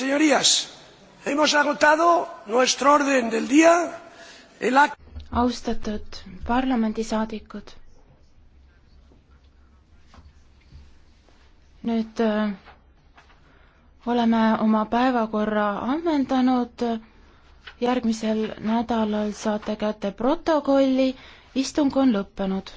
Señorías, hemos agotado nuestro orden del día. El austatud parlamendisaadikud. nüüd öö, äh, oleme oma päevakorra ammendanud. järgmisel nädalal saate kätte protokolli. istung on lõppenud